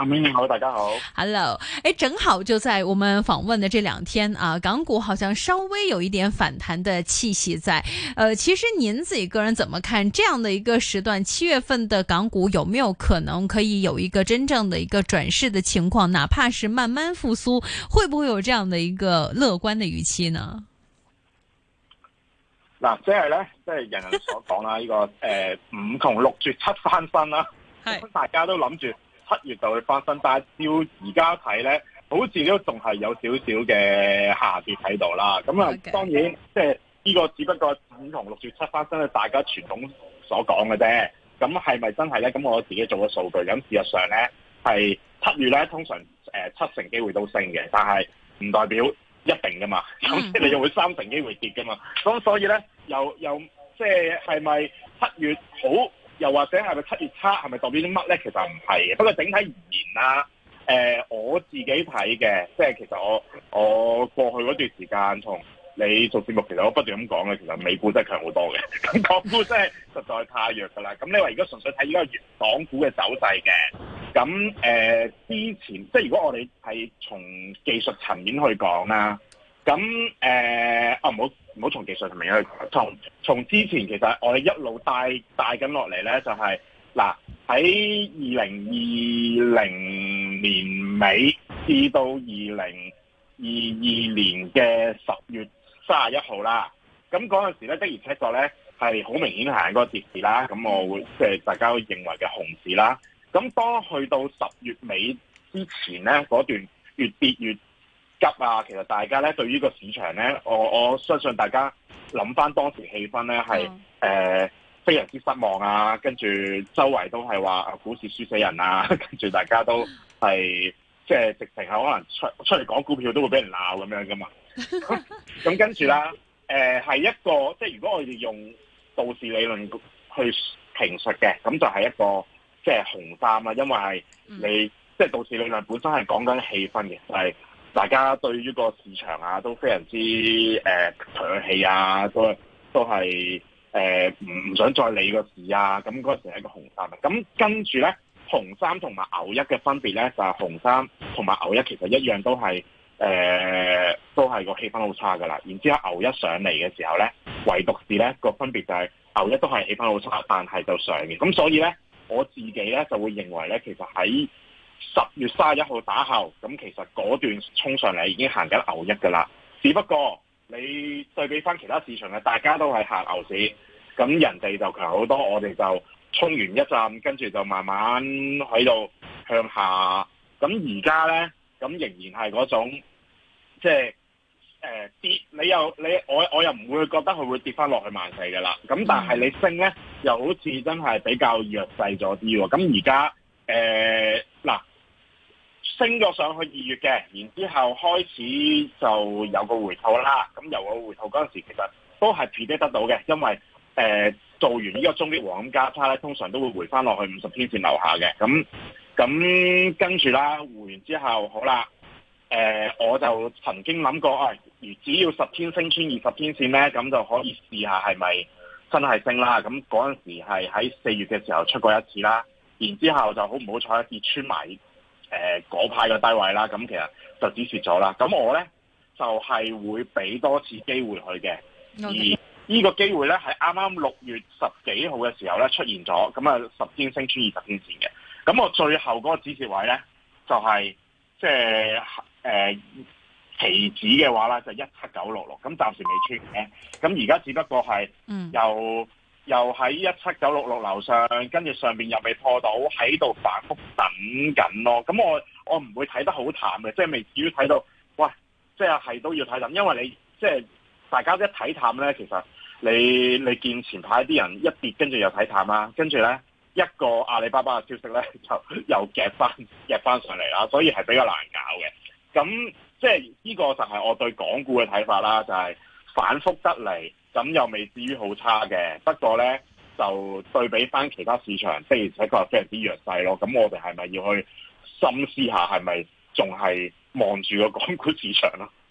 阿明你好，大家好。Hello，誒，正好就在我們訪問的這兩天啊，港股好像稍微有一點反彈的氣息在。呃，其實您自己個人怎麼看這樣的一個時段？七月份的港股有沒有可能可以有一個真正的一個轉勢的情況？哪怕是慢慢復蘇，會不會有這樣的一個樂觀的預期呢？嗱，即係咧，即係人人所講啦，呢、 呢個誒、呃、五窮六絕七翻身啦、啊，hey. 大家都諗住。七月就會翻身，但係照而家睇咧，好似都仲係有少少嘅下跌喺度啦。咁啊，當然即係呢個只不過五窮六絕七翻身，大家傳統所講嘅啫。咁係咪真係咧？咁我自己做個數據，咁事實上咧，係七月咧通常誒七成機會都升嘅，但係唔代表一定噶嘛。咁即係你又會三成機會跌噶嘛。咁所以咧又又即係係咪七月好？又或者係咪七月七係咪代表啲乜咧？其實唔係嘅。不過整體而言啦，誒、呃、我自己睇嘅，即係其實我我過去嗰段時間同你做節目，其實我不斷咁講嘅。其實美股真係強好多嘅， 港股真係實在太弱㗎啦。咁你話而家純粹睇而家港股嘅走勢嘅，咁誒之前即係如果我哋係從技術層面去講啦，咁誒啊唔好。呃哦唔好從技術上面去講，從之前其實我哋一路帶帶緊落嚟呢，就係嗱喺二零二零年尾至到二零二二年嘅十月三十一號啦。咁嗰陣時咧，的而且確呢係好明顯行緊嗰個跌市啦。咁我會即係大家認為嘅熊市啦。咁當去到十月尾之前呢，嗰段越跌越急啊！其實大家咧對於個市場咧，我我相信大家諗翻當時氣氛咧，係誒、uh -huh. 呃、非常之失望啊。跟住周圍都係話股市輸死人啊，跟 住大家都係即係直情係可能出出嚟講股票都會俾人鬧咁樣噶嘛。咁跟住啦，誒、呃、係一個即係如果我哋用道氏理論去評述嘅，咁就係一個即係、就是、紅衫啦，啊，因為係你、uh -huh. 即係道氏理論本身係講緊氣氛嘅，就係、是。大家對於個市場啊都非常之誒喘、呃、氣啊，都都係誒唔唔想再理個市啊，咁嗰時係一個熊三。咁跟住呢熊三同埋牛一嘅分別呢，就係、是、熊三同埋牛一其實一樣都係誒、呃、都係個氣氛好差噶啦。然之後牛一上嚟嘅時候呢，唯獨是呢、呢個分別就係牛一都係氣氛好差，但係就上嚟。咁所以呢，我自己呢就會認為呢，其實喺十月三十一號打後，咁其實嗰段衝上嚟已經行緊牛一噶啦。只不過你對比翻其他市場嘅，大家都係行牛市，咁人哋就強好多，我哋就衝完一浸，跟住就慢慢喺度向下。咁而家呢，咁仍然係嗰種即係誒跌，你又你我我又唔會覺得佢會跌翻落去萬四噶啦。咁但係你升呢，又好似真係比較弱勢咗啲。咁而家誒嗱。呃升咗上去二月嘅，然之後開始就有個回吐啦。咁有個回吐嗰陣時候，其實都係 predict 得到嘅，因為誒、呃、做完呢個中極黃金交叉咧，通常都會回翻落去五十天線樓下嘅。咁咁跟住啦，回完之後，好啦，誒、呃、我就曾經諗過啊，如、哎、只要十天升穿二十天線咧，咁就可以試下係咪真係升啦。咁嗰陣時係喺四月嘅時候出過一次啦，然之後就好唔好彩跌穿埋。誒嗰派嘅低位啦，咁其實就止蝕咗啦。咁我呢，就係、是、會俾多次機會佢嘅，okay. 而呢個機會呢，喺啱啱六月十幾號嘅時候呢，出現咗，咁啊十天升穿二十天線嘅。咁我最後嗰個止蝕位呢，就係即係誒期指嘅話呢，就一七九六六，咁暫時未穿嘅。咁而家只不過係有。Mm. 又喺一七九六六樓上，跟住上邊又未破到，喺度反覆等緊咯。咁我我唔會睇得好淡嘅，即係未至於睇到，喂，即係係都要睇淡，因為你即係大家一睇淡呢。其實你你見前排啲人一跌，跟住又睇淡啦，跟住呢，一個阿里巴巴嘅消息呢，就又夾翻夾翻上嚟啦，所以係比較難搞嘅。咁即係呢個就係我對港股嘅睇法啦，就係反覆得嚟。咁又未至於好差嘅，不過呢，就對比翻其他市場，仍然係一個非常之弱勢咯。咁我哋係咪要去深思下，係咪仲係望住個港股市場啦？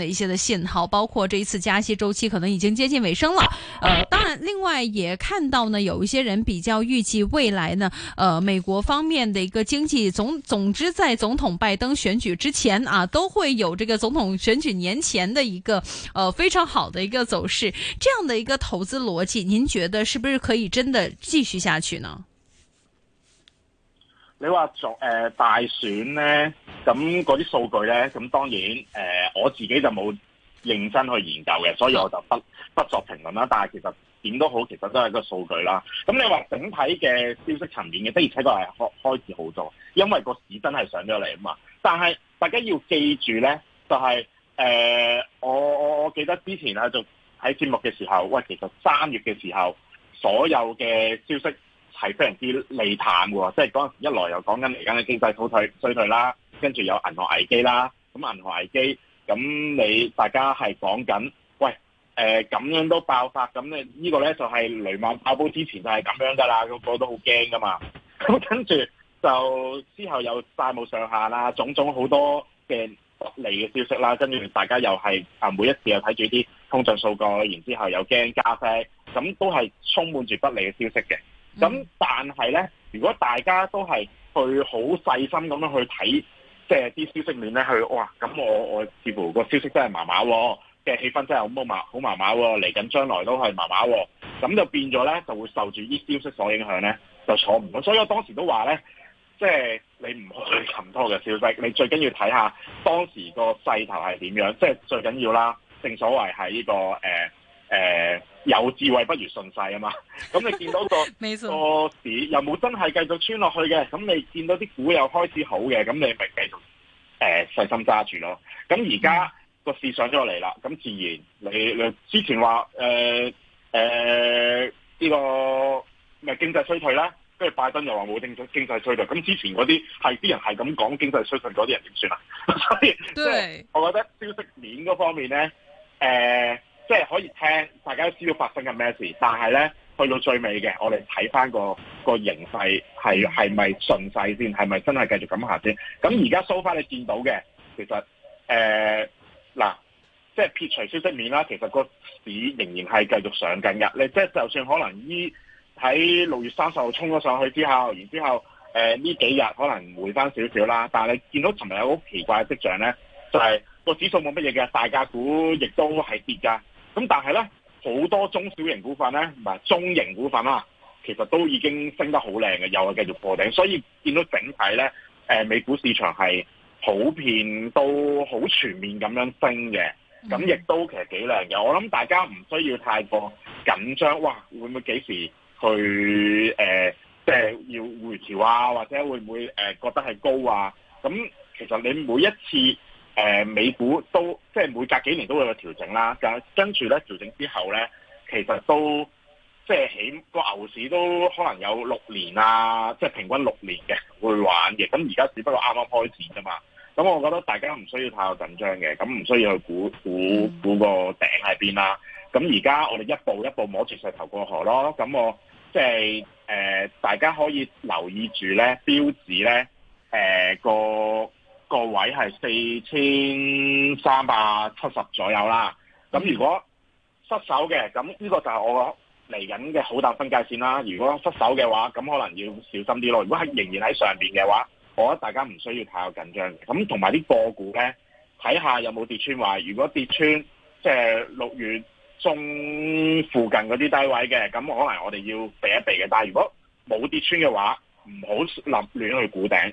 的一些的信號，包括這一次加息周期可能已經接近尾聲了。呃，當然，另外也看到呢，有一些人比較預計未來呢，呃，美國方面的一個經濟總，總之在總統拜登選舉之前啊，都會有這個總統選舉年前的一個呃非常好的一個走勢。這樣的一個投資邏輯，您覺得是不是可以真的繼續下去呢？你話做誒大選呢？咁嗰啲數據呢？咁當然誒。呃我自己就冇認真去研究嘅，所以我就不不作評論啦。但係其實點都好，其實都係個數據啦。咁你話整體嘅消息層面嘅，的而且確係開開始好咗，因為個市真係上咗嚟啊嘛。但係大家要記住咧，就係、是、誒、呃，我我，我記得之前咧、啊、就喺節目嘅時候，喂，其實三月嘅時候，所有嘅消息係非常之利淡喎，即係嗰陣時一來又講緊嚟緊嘅經濟衰退衰退啦，跟住有銀行危機啦，咁銀行危機。咁你大家係講緊，喂，誒、呃、咁樣都爆發，咁呢個呢，就係雷曼爆煲之前就係咁樣噶啦，個個都好驚噶嘛。咁 跟住就之後有晒冇上下啦，種種好多嘅不利嘅消息啦，跟住大家又係啊每一次又睇住啲通脹數據，然之後又驚加息，咁都係充滿住不利嘅消息嘅。咁、嗯、但係呢，如果大家都係去好細心咁樣去睇。即係啲消息面咧，佢哇，咁我我似乎個消息真係麻麻，即係氣氛真係好麻麻，好麻麻，嚟緊將來都係麻麻，咁就變咗咧就會受住啲消息所影響，咧就坐唔到，所以我當時都話咧，即係你唔去擒拖嘅消息，你最緊要睇下當時個勢頭係點樣，即係最緊要啦。正所謂係呢個誒、呃呃有智慧不如順勢啊嘛！咁你見到個個市 又冇真係繼續穿落去嘅，咁你見到啲股又開始好嘅，咁你咪繼續誒細心揸住咯。咁而家個市上咗嚟啦，咁自然你你之前話誒誒呢個咩經濟衰退啦，跟住拜登又話冇經濟經濟衰退，咁之前嗰啲係啲人係咁講經濟衰退嗰啲人點算啊？ 所以即係我覺得消息面嗰方面咧，誒、呃。可以聽，大家都知道發生緊咩事，但係呢，去到最尾嘅，我哋睇翻個個形勢係係咪順勢先，係咪真係繼續咁行先？咁而家收翻你見到嘅，其實誒嗱，即、呃、係、就是、撇除消息面啦，其實個市仍然係繼續上緊日。你即係就算可能呢喺六月三十號衝咗上去之後，然後之後呢、呃、幾日可能回翻少少啦，但係你見到尋日有好奇怪嘅跡象呢，就係、是、個指數冇乜嘢嘅，大價股亦都係跌㗎。咁但係咧，好多中小型股份咧，唔係中型股份啦、啊，其實都已經升得好靚嘅，又係繼續破頂，所以見到整體咧、呃，美股市場係普遍都好全面咁樣升嘅，咁亦都其實幾靚嘅。我諗大家唔需要太過緊張，哇，會唔會幾時去誒，即、呃、係、呃、要回調啊？或者會唔會誒、呃、覺得係高啊？咁其實你每一次。誒美股都即係每隔幾年都會有個調整啦，跟住咧調整之後咧，其實都即係起個牛市都可能有六年啦、啊、即係平均六年嘅會玩嘅，咁而家只不過啱啱開始啫嘛。咁我覺得大家唔需要太過緊張嘅，咁唔需要去估估估，估個頂喺邊啦。咁而家我哋一步一步摸住石頭過河咯。咁我即係誒、呃、大家可以留意住咧標指咧誒個。個位係四千三百七十左右啦。咁如果失守嘅，咁呢個就係我嚟緊嘅好大分界線啦。如果失守嘅話，咁可能要小心啲咯。如果係仍然喺上邊嘅話，我覺得大家唔需要太有緊張。咁同埋啲個股呢，睇下有冇跌穿，話如果跌穿即係六月中附近嗰啲低位嘅，咁可能我哋要避一避嘅。但係如果冇跌穿嘅話，唔好立亂去估頂。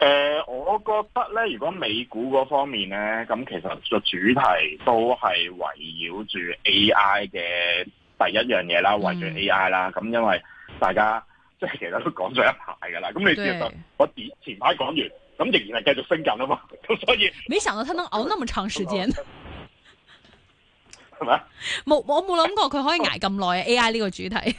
誒、呃，我覺得咧，如果美股嗰方面咧，咁其實個主題都係圍繞住 A I 嘅第一樣嘢啦，圍住 A I 啦，嗯，咁因為大家即係其實都講咗一排噶啦，咁你其實我前排講完，咁仍然係繼續升緊啊嘛，咁所以，沒想到他能熬那麼長時間，係咪？冇，我冇諗過佢可以挨咁耐，A I 呢個主題，咁，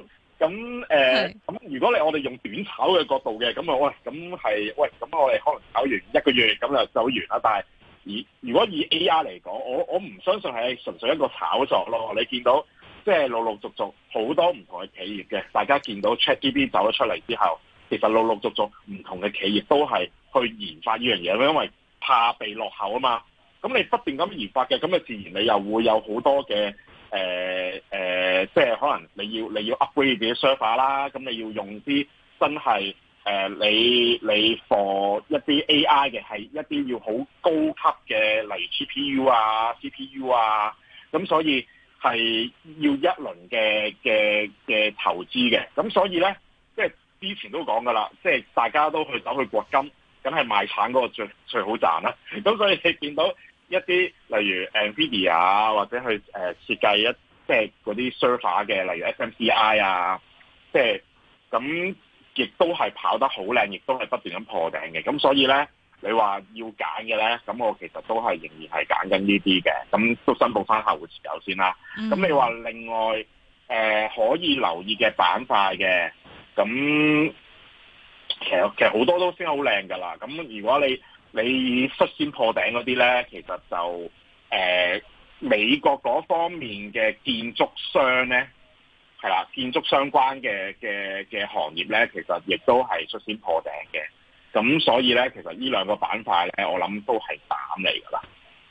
嗯。咁誒，咁、呃、如果你我哋用短炒嘅角度嘅，咁啊喂，咁係喂，咁我哋可能炒完一個月，咁就走完啦。但係如果以 AI 嚟講，我我唔相信係純粹一個炒作咯。你見到即係陸陸續續好多唔同嘅企業嘅，大家見到 ChatGPT 走咗出嚟之後，其實陸陸續續唔同嘅企業都係去研發呢樣嘢，因為怕被落後啊嘛。咁你不斷咁研發嘅，咁啊自然你又會有好多嘅。誒、呃、誒、呃，即係可能你要你要 upgrade 自己 server 啦，咁你要用啲真係誒、呃、你你 for 一啲 AI 嘅係一啲要好高級嘅，例如 GPU 啊、CPU 啊，咁所以係要一輪嘅嘅嘅投資嘅，咁所以咧即係之前都講㗎啦，即係大家都去走去掘金，梗係賣鏟嗰個最最好賺啦，咁所以你見到。一啲例如 NVIDIA 啊，或者去誒、呃、設計一即係嗰啲 server 嘅，例如 SMCI 啊，即係咁亦都係跑得好靚，亦都係不斷咁破頂嘅。咁所以咧，你話要揀嘅咧，咁我其實都係仍然係揀緊呢啲嘅。咁都申報翻客戶持有先啦。咁、嗯、你話另外誒、呃、可以留意嘅板塊嘅，咁其實其實好多都升得好靚㗎啦。咁如果你你率先破頂嗰啲呢，其實就誒、呃、美國嗰方面嘅建築商呢，係啦，建築相關嘅嘅嘅行業呢，其實亦都係率先破頂嘅。咁所以呢，其實呢兩個板塊呢，我諗都係膽嚟㗎啦。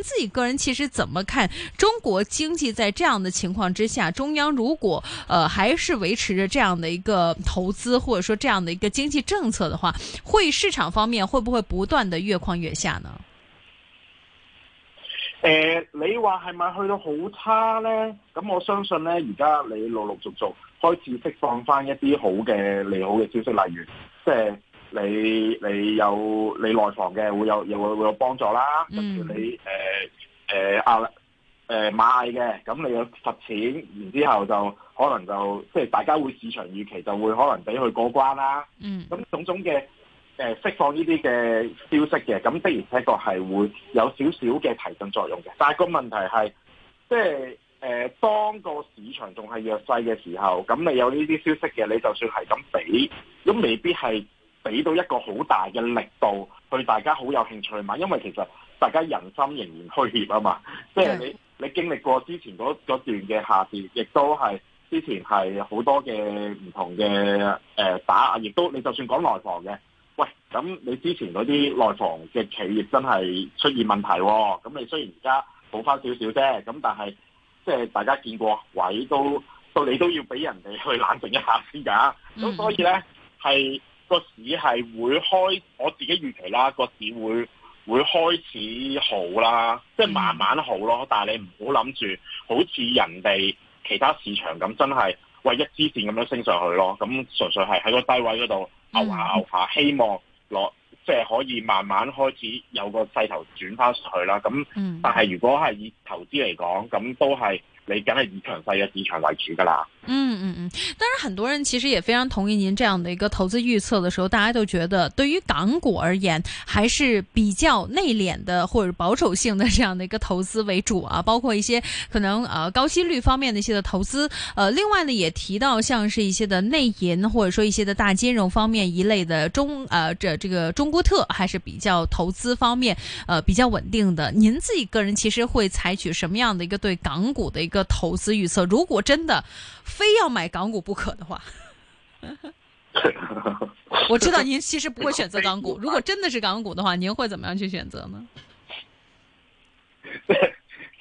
你自己個人其實怎麼看中國經濟在這樣的情況之下，中央如果呃還是維持着這樣的一個投資或者說這樣的一個經濟政策的話，會市場方面會不會不斷的越況越下呢？誒、呃，你話係咪去到好差呢？咁我相信呢，而家你陸陸續續開始釋放翻一啲好嘅，利好嘅消息，例如即係。呃你你有你內房嘅會有又會會有幫助啦，甚、嗯、至你誒誒亞誒賣嘅，咁、呃呃啊呃、你有十錢，然之後就可能就即係大家會市場預期就會可能俾佢過關啦。咁、嗯、種種嘅誒、呃、釋放呢啲嘅消息嘅，咁的而且確係會有少少嘅提振作用嘅。但係個問題係，即係誒當個市場仲係弱勢嘅時候，咁你有呢啲消息嘅，你就算係咁俾，都未必係。俾到一個好大嘅力度，對大家好有興趣嘛？因為其實大家人心仍然虛怯啊嘛，即係你你經歷過之前嗰段嘅下跌，亦都係之前係好多嘅唔同嘅、呃、打壓，亦都你就算講內房嘅，喂咁你之前嗰啲內房嘅企業真係出現問題、哦，咁你雖然現在一點點而家好翻少少啫，咁但係即係大家見過位，都到你都要俾人哋去冷靜一下先㗎，咁所以呢係。嗯是個市係會開，我自己預期啦，個市會會開始好啦，即係慢慢好咯。但係你唔好諗住好似人哋其他市場咁，真係喂一支線咁樣升上去咯。咁純粹係喺個低位嗰度拗下拗下，希望攞。呃即係可以慢慢開始有個勢頭轉翻上去啦，咁，但係如果係以投資嚟講，咁都係你梗係以強勢嘅市場為主噶啦。嗯嗯嗯，當然很多人其實也非常同意您這樣的一個投資預測的時候，大家都覺得對於港股而言，還是比較內斂的或者是保守性的這樣的一個投資為主啊，包括一些可能啊、呃、高息率方面的一些的投資。呃，另外呢，也提到像是一些的內銀或者說一些的大金融方面一類的中，呃，這這個中。國特還是比較投資方面，呃，比較穩定的。您自己個人其實會採取什麼樣的一個對港股的一個投資預測？如果真的非要買港股不可的話， 我知道您其實不會選擇港股。 如果真的是港股的話，您會怎麼樣去選擇呢？即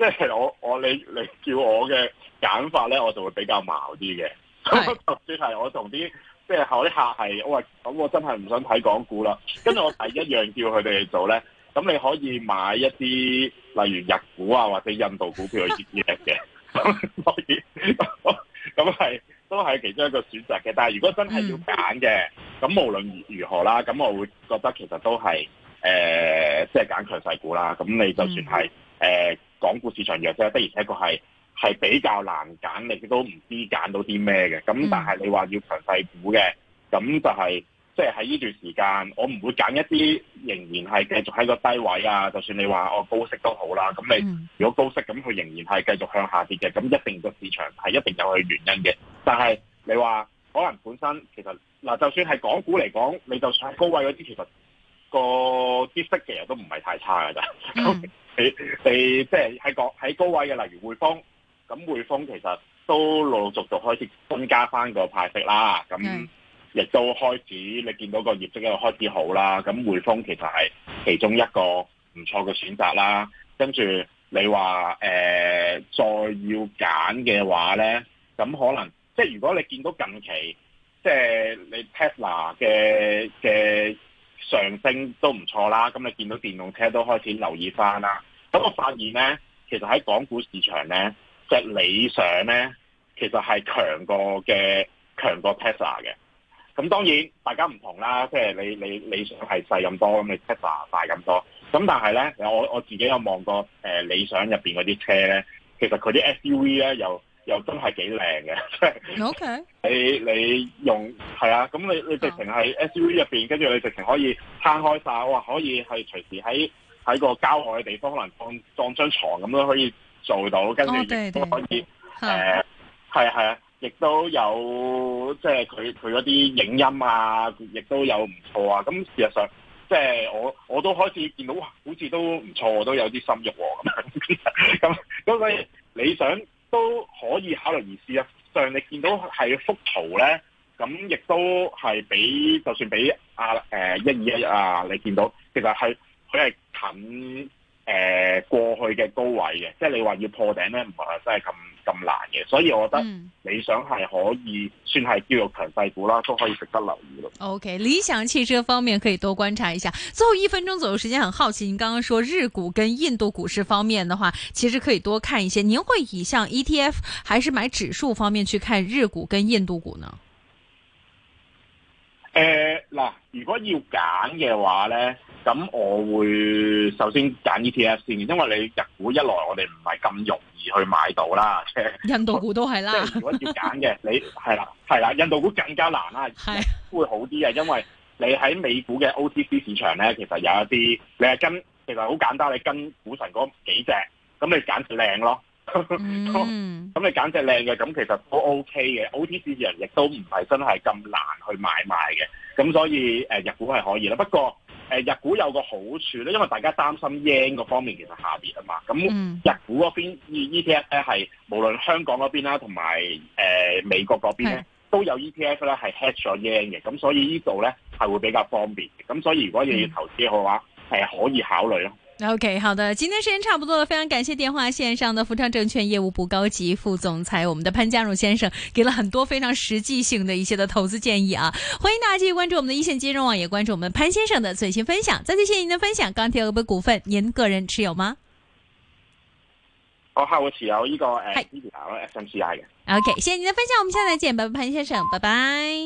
係我我你你叫我嘅揀法呢，我就會比較矛啲嘅。 就算係我同啲。即係下啲客係我話，咁我真係唔想睇港股啦。跟住我第一樣叫佢哋去做咧，咁你可以買一啲例如日股啊，或者印度股票嗰啲嘢嘅。咁 可以，咁係都係其中一個選擇嘅。但係如果真係要揀嘅，咁、mm. 無論如何啦，咁我會覺得其實都係誒，即係揀強勢股啦。咁你就算係誒、呃、港股市場弱啫，的而且確係。係比較難揀，你都唔知揀到啲咩嘅。咁但係你話要強勢股嘅，咁就係即係喺呢段時間，我唔會揀一啲仍然係繼續喺個低位啊。就算你話我高息都好啦，咁你如果高息咁，佢仍然係繼續向下跌嘅，咁一定個市場係一定有佢原因嘅。但係你話可能本身其實嗱，就算係港股嚟講，你就算係高位嗰啲，其實個跌幅其實都唔係太差㗎。咋。 你你即係喺高喺高位嘅，例如匯豐。咁匯豐其實都陸陸續續開始增加翻個派息啦，咁亦都開始你見到個業績喺度開始好啦。咁匯豐其實係其中一個唔錯嘅選擇啦。跟住你話誒、呃，再要揀嘅話咧，咁可能即係如果你見到近期即係、就係、你 Tesla 嘅嘅上升都唔錯啦，咁你見到電動車都開始留意翻啦。咁我發現咧，其實喺港股市場咧。即係理想咧，其實係強過嘅強過 Tesla 嘅。咁當然大家唔同啦，即、就、係、是、你你理想係細咁多，咁你 Tesla 大咁多。咁但係咧，我我自己有望過誒、呃、理想入邊嗰啲車咧，其實佢啲 SUV 咧又又真係幾靚嘅。 o、okay. K，你你用係啊？咁你你直情係 SUV 入邊，跟、oh. 住你直情可以攤開晒哇！可以係隨時喺喺個郊外嘅地方，可能放放張床咁都可以。做到，跟住都可以，誒、oh, yeah, yeah. 呃，係啊係啊，亦都有即係佢佢嗰啲影音啊，亦都有唔錯啊。咁事實上，即係我我都開始見到，好似都唔錯，我都有啲心喐喎咁樣。咁咁所以你想都可以考慮而試啊。上你見到係幅圖咧，咁亦都係俾就算俾啊一二一啊，你見到其實係佢係近。誒，過去嘅高位嘅，即係你話要破頂咧，唔係真係咁咁難嘅，所以我覺得理想係可以、嗯、算係叫做強勢股啦，都可以值得留意咯。OK，理想汽車方面可以多觀察一下。最後一分鐘左右時間，很好奇，您剛剛說日股跟印度股市方面嘅話，其實可以多看一些。您會以向 ETF，還是買指數方面去看日股跟印度股呢？誒，嗱，如果要揀嘅話咧，咁我會首先揀 E T F 先，因為你日股一來，我哋唔係咁容易去買到啦。印度股都係啦。 如果要揀嘅，你係啦係啦，印度股更加難啦，會好啲嘅，因為你喺美股嘅 O T C 市場咧，其實有一啲你係跟，其實好簡單，你跟股神嗰幾隻，咁你揀住靚咯。咁、 mm -hmm. 嗯、你揀隻靚嘅，咁其實都 OK 嘅，O T C 人亦都唔係真係咁難去買賣嘅，咁所以、呃、日股係可以啦。不過、呃、日股有個好處咧，因為大家擔心 yen 嗰方面其實下跌啊嘛，咁日股嗰邊 E E T F 咧係無論香港嗰邊啦，同埋、呃、美國嗰邊咧都有 E T F 咧係 hedge 咗 yen 嘅，咁所以呢度咧係會比較方便嘅。咁所以如果你要投資嘅話，係、mm -hmm. 可以考慮咯。OK，好的，今天時間差不多了，非常感謝電話線上的福昌證券業務部高級副總裁我們的潘家榮先生，給了很多非常實際性的一些的投資建議啊，歡迎大家繼續關注我們的一線金融網，也關注我們潘先生的最新分享。再次謝謝您的分享，鋼鐵股份，您個人持有嗎？我後持有依個，係持有 S M C I 嘅。OK，謝謝您的分享，我們下次再見，拜拜，潘先生，拜拜。